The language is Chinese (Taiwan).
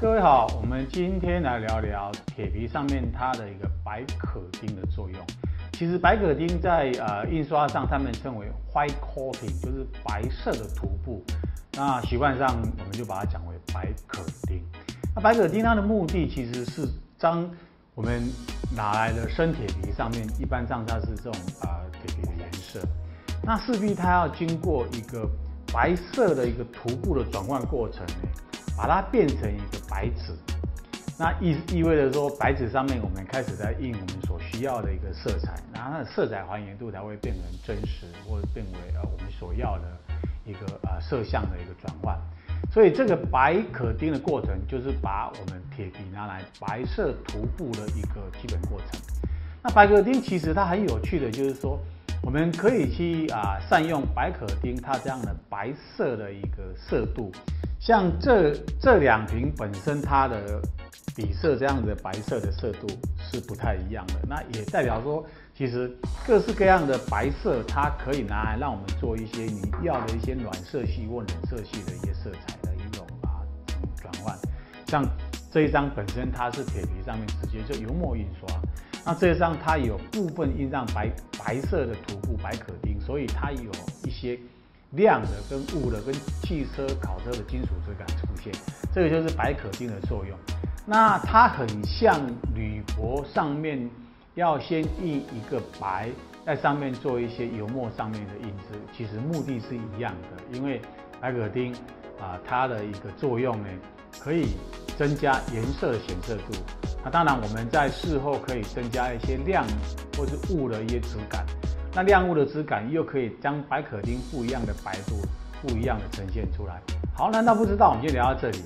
各位好，我們今天來聊聊鐵皮上面它的一個白可丁的作用。其實白可丁在呃印刷上，他們稱為 white coating，就是白色的塗佈。那習慣上我們就把它講為白可丁。那白可丁它的目的其實是將我們拿來的生鐵皮上面，一般上它是這種啊、呃、鐵皮的顏色，那勢必它要經過一個白色的一個塗佈的轉換過程。把它變成一個白紙，那意意味着說，白紙上面我們開始在印我們所需要的一個色彩，然後它的色彩還原度才會變成真實，或者變為呃我們所要的一個、呃、色相的一個轉換。所以這個白可丁的過程，就是把我們鐵皮拿來白色塗布的一個基本過程。那白可丁其實它很有趣的，就是說我們可以去啊、呃、善用白可丁它這樣的白色的一個色度。像這這兩瓶本身它的底色這樣的白色的色度是不太一樣的，那也代表說其實各式各樣的白色，它可以拿來讓我們做一些你要的一些暖色系或冷色系的一些色彩的運用啊轉換。像這一張本身它是鐵皮上面直接就油墨印刷，那這一張它有部分印上白白色的塗布白可丁，所以它有一些。亮的跟霧的跟、跟汽車烤車的金屬質感出現，這個就是白可丁的作用。那它很像鋁箔上面要先印一個白，在上面做一些油墨上面的印製，其實目的是一樣的。因為白可丁啊，它的一個作用呢，可以增加顏色的顯色度。那當然我們在事後可以增加一些亮或是霧的一些質感。那亮物的質感又可以將白可丁不一樣的白度，不一樣的呈現出來。好，南道不知道，我們就聊到這裡。